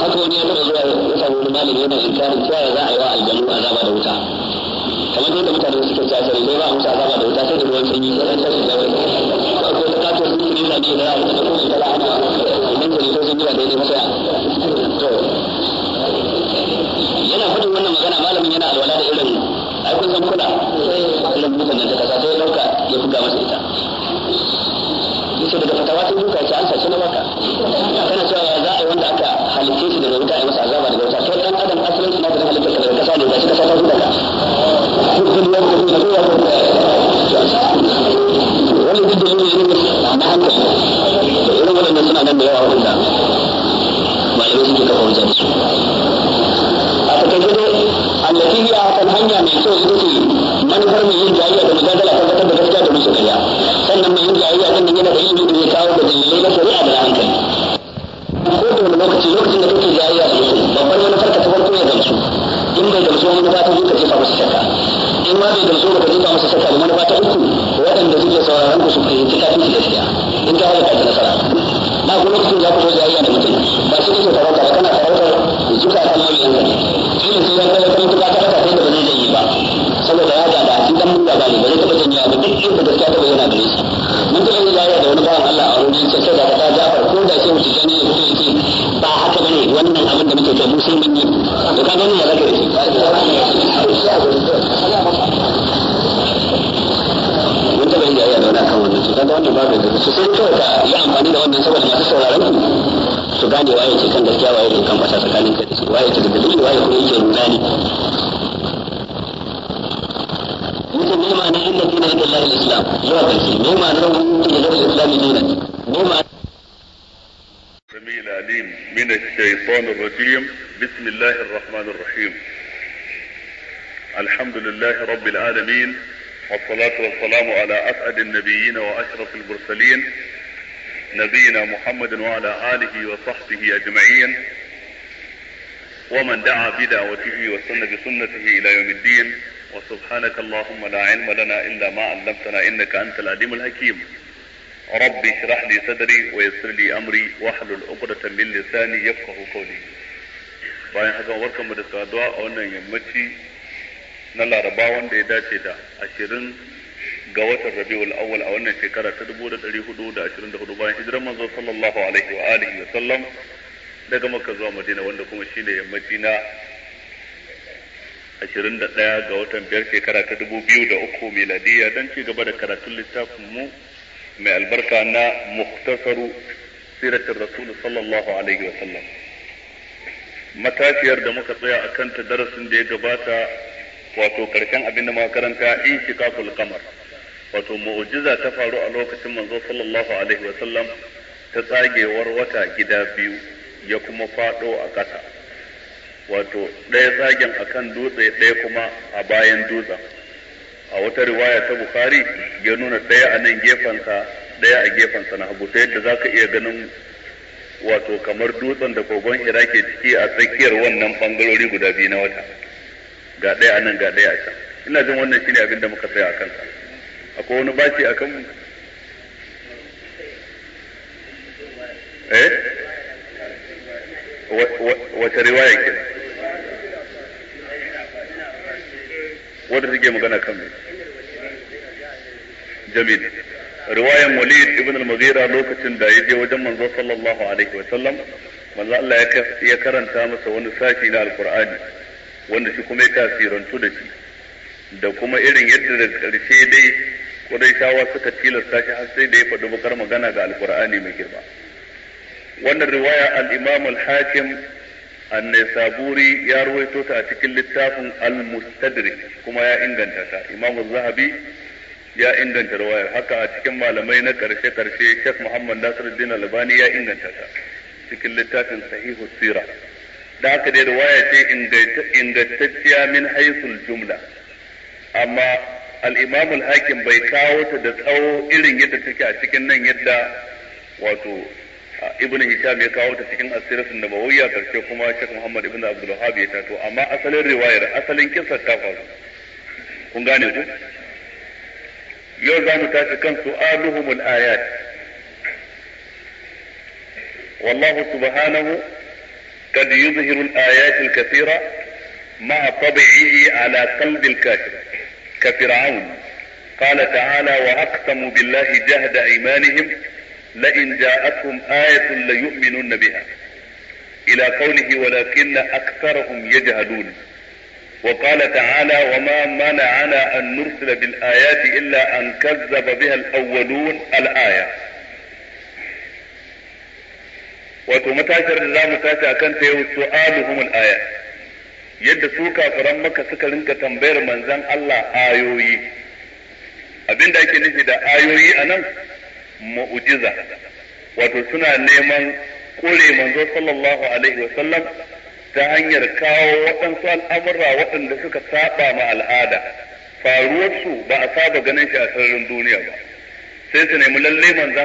haka wani ya fara zuwa ya samu wani malami yana inkarin cewa za a yi wa aljanu azaba da wuta kamar dai da mutane suke cewa sai ba a musu azaba da wuta sai da ruwan sanyi sai da shi da ko ta kato su ne da ne da za a ta ko ne da ana ko sun yi da daidai masaya yana gudun wannan magana malamin yana alwala da irin ai kun san kuna irin mutanen da kasa sai dauka ya buga masa ita yace daga fatawa ta duka ta ansa sace na baka kana cewa ya za a yi wanda aka halitta shi daga wuta a masa azaba daga wuta sai dan adam asalin na da halitta daga kasa ne gashi kasa ta huda ka duk da yau da duk da yau wannan duk da yau ne na hankali irin waɗannan suna nan da yawa waɗanda malamai suke kafa wajen da su hanya tiga atau hanya mesos itu لله رب العالمين والصلاة والسلام على أسعد النبيين وأشرف المرسلين نبينا محمد وعلى آله وصحبه أجمعين ومن دعا بدعوته وسن بسنته إلى يوم الدين وسبحانك اللهم لا علم لنا إلا ما علمتنا إنك أنت العليم الحكيم ربي اشرح لي صدري ويسر لي أمري واحلل عقدة من لساني يفقه قولي bayan haka warkar mu da saduwa a wannan yammaci na laraba wanda ya dace da ashirin ga watan rabi'ul awwal a wannan shekara ta dubu da ɗari hudu da ashirin da hudu bayan hijiran manzo sallallahu alaihi wa alihi wa sallam daga makka zuwa madina wanda kuma shine yammaci na ashirin da ɗaya ga watan biyar shekara ta dubu biyu da uku miladiyya don ci gaba da karatun littafin mu mai albarka na muktasaru siratin rasul sallallahu alaihi wa sallam matashiyar da muka tsaya a kanta darasin da ya gabata wato karshen abin da makaranta in shikakul kamar wato mu'ujiza ta faru a lokacin manzo sallallahu alaihi wa sallam ta tsagewar wata gida biyu ya kuma fado a ƙasa wato ɗaya tsagen akan dutse ɗaya kuma a bayan dutsen a wata riwaya ta bukhari ya nuna ɗaya a nan gefensa ɗaya a gefensa na hagu ta yadda za ka iya ganin wato kamar dutsen da kogon ke ciki a tsakiyar wannan bangarori guda biyu na wata ga ɗaya anan ga ɗaya a can ina jin wannan shine abin da muka tsaya a kansa akwai wani baki a kanmu eh? wata riwaya ke wadda take magana kan mai jamil riwayar walid ibn al-mughira lokacin da ya je wajen manzo sallallahu alaihi wa sallam manzo Allah ya karanta masa wani sashi na alqur'ani wanda shi kuma ya tasirantu da shi da kuma irin yadda da ƙarshe dai ƙudaishawa suka tilasta shi har sai da ya faɗi bakar magana ga Alƙur'ani mai girma wannan riwaya al-imam al-hakim an-nisaburi ya ruwaito ta a cikin littafin al-mustadrik kuma ya inganta ta imam zahabi ya inganta riwayar haka a cikin malamai na karshe karshe Sheikh Muhammad Nasiruddin Albani ya inganta ta cikin littafin sahihu sirah da aka dai waya ce ingantacciya min haisul jumla amma al-imam hakim bai kawo ta da tsawo irin yadda take a cikin nan yadda wato ibn hisham ya kawo ta cikin asirin nabawiyya karshe kuma shek muhammad ibn abdul ya tato amma asalin riwayar asalin kissa ta faru kun gane ku yau za mu tashi kan su'aluhumul ayat wallahu subhanahu قد يظهر الآيات الكثيرة مع طبعه على قلب الكافر كفرعون قال تعالى وأقسموا بالله جهد أيمانهم لئن جاءتهم آية ليؤمنن بها إلى قوله ولكن أكثرهم يجهلون وقال تعالى وما منعنا أن نرسل بالآيات إلا أن كذب بها الأولون الآية wato matashiyar da za mu tashi a kanta yau su al-aya yadda su kafiran maka suka rinka tambayar manzan Allah ayoyi abinda ake nufi da ayoyi a nan mu'ujiza wato suna neman kore manzo sallallahu alaihi wasallam ta hanyar kawo waɗansu al'amura waɗanda suka saba ma al'ada faruwarsu ba a saba ganin shi a sararin duniya ba sai su nemi lalle manzan